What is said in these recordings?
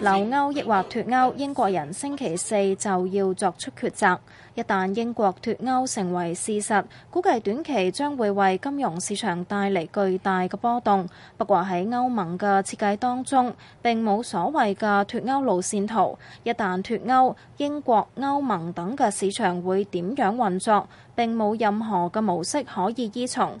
留歐抑或脱歐，英國人星期四就要作出抉擇。一旦英國脱歐成為事實，估計短期將會為金融市場帶嚟巨大嘅波動。不過喺歐盟嘅設計當中，並冇所謂嘅脱歐路線圖。一旦脱歐，英國、歐盟等嘅市場會點樣運作？並冇任何嘅模式可以依從。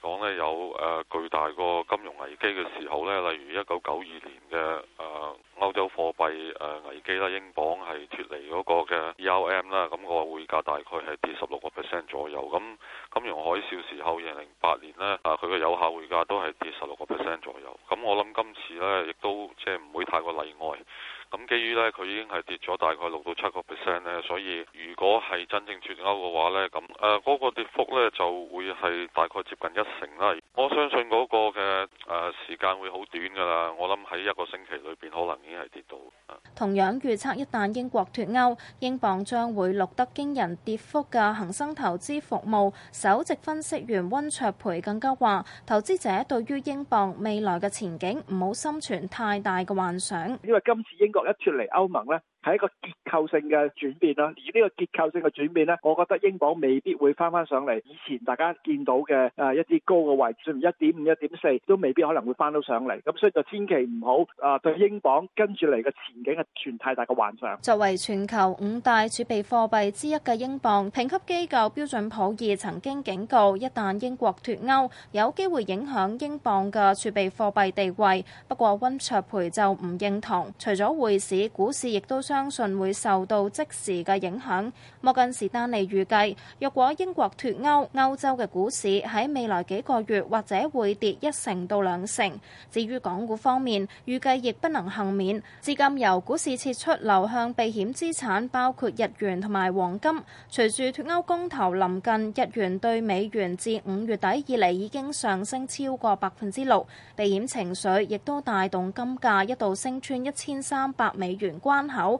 講咧有誒、呃、巨大個金融危機嘅時候咧，例如一九九二年嘅誒、呃、歐洲貨幣誒危機啦，英鎊係脫離嗰個嘅 ERM 啦，咁、那個匯價大概係跌十六個 percent 左右。咁金融海嘯時候二零零八年呢，啊佢嘅有效匯價都係跌十六個 percent 左右。咁我諗今次呢，亦都即係唔會太過例外。咁基於咧，佢已經係跌咗大概六到七個 percent 咧，所以如果係真正脱歐嘅話咧，咁誒嗰個跌幅咧就會係大概接近一成啦。我相信嗰個嘅誒、呃、時間會好短㗎啦，我諗喺一個星期裏邊可能已經係跌。同樣預測，一旦英國脫歐，英鎊將會錄得驚人跌幅嘅恒生投資服務首席分析員温卓培更加話：投資者對於英鎊未來嘅前景唔好心存太大嘅幻想，因為今次英國一脫離歐盟咧。係一個結構性嘅轉變啦，而呢個結構性嘅轉變呢，我覺得英鎊未必會翻翻上嚟以前大家見到嘅誒一啲高嘅位置，例如一點五、一點四，都未必可能會翻到上嚟。咁所以就千祈唔好啊，對英鎊跟住嚟嘅前景係存太大嘅幻想。作為全球五大儲備貨幣之一嘅英鎊，評級機構標準普爾曾經警告，一旦英國脫歐，有機會影響英鎊嘅儲備貨幣地位。不過温卓培就唔認同，除咗匯市、股市，亦都，相信會受到即時嘅影響，摩根士丹利預計若果英國脱歐，歐洲嘅股市喺未來幾個月或者會跌一成到兩成。至於港股方面，預計亦不能幸免。資金由股市撤出，流向避險資產，包括日元同埋黃金。隨住脱歐公投臨近，日元兌美元自五月底以嚟已經上升超過百分之六，避險情緒亦都帶動金價一度升穿一千三百美元關口。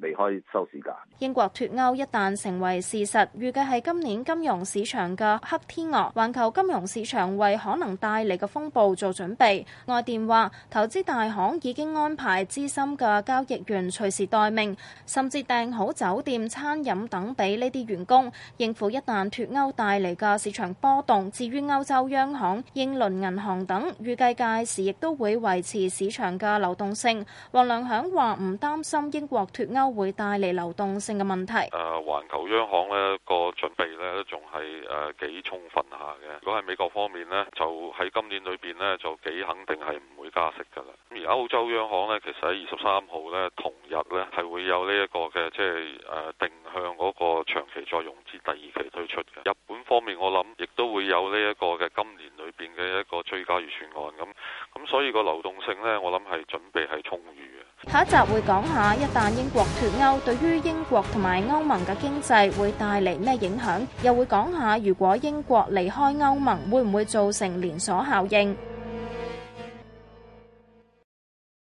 離開收市價。英國脫歐一旦成為事實，預計係今年金融市場嘅黑天鵝，環球金融市場為可能帶嚟嘅風暴做準備，外電話投資大行已經安排資深嘅交易員隨時待命，甚至訂好酒店、餐飲等俾呢啲員工應付一旦脫歐帶嚟嘅市場波動，至於歐洲央行、英倫銀行等，預計屆時亦都會維持市場嘅流動性。王良響話唔擔心英國脫歐。會帶嚟流動性嘅問題。誒、啊，環球央行呢個準備呢，仲係誒幾充分下嘅。如果喺美國方面呢，就喺今年裏邊呢，就幾肯定係唔會加息噶啦。而歐洲央行呢，其實喺二十三號呢，同日呢，係會有呢一個嘅即係誒、啊、定向嗰個長期再融資第二期推出嘅。日本方面我諗亦都會有呢一個嘅今年裏邊嘅一個追加預算案咁咁，所以個流動性呢，我諗係準備係充裕嘅。下一集會講下一旦英國。脫歐對於英國同埋歐盟嘅經濟會帶嚟咩影響？又會講下如果英國離開歐盟，會唔會造成連鎖效應？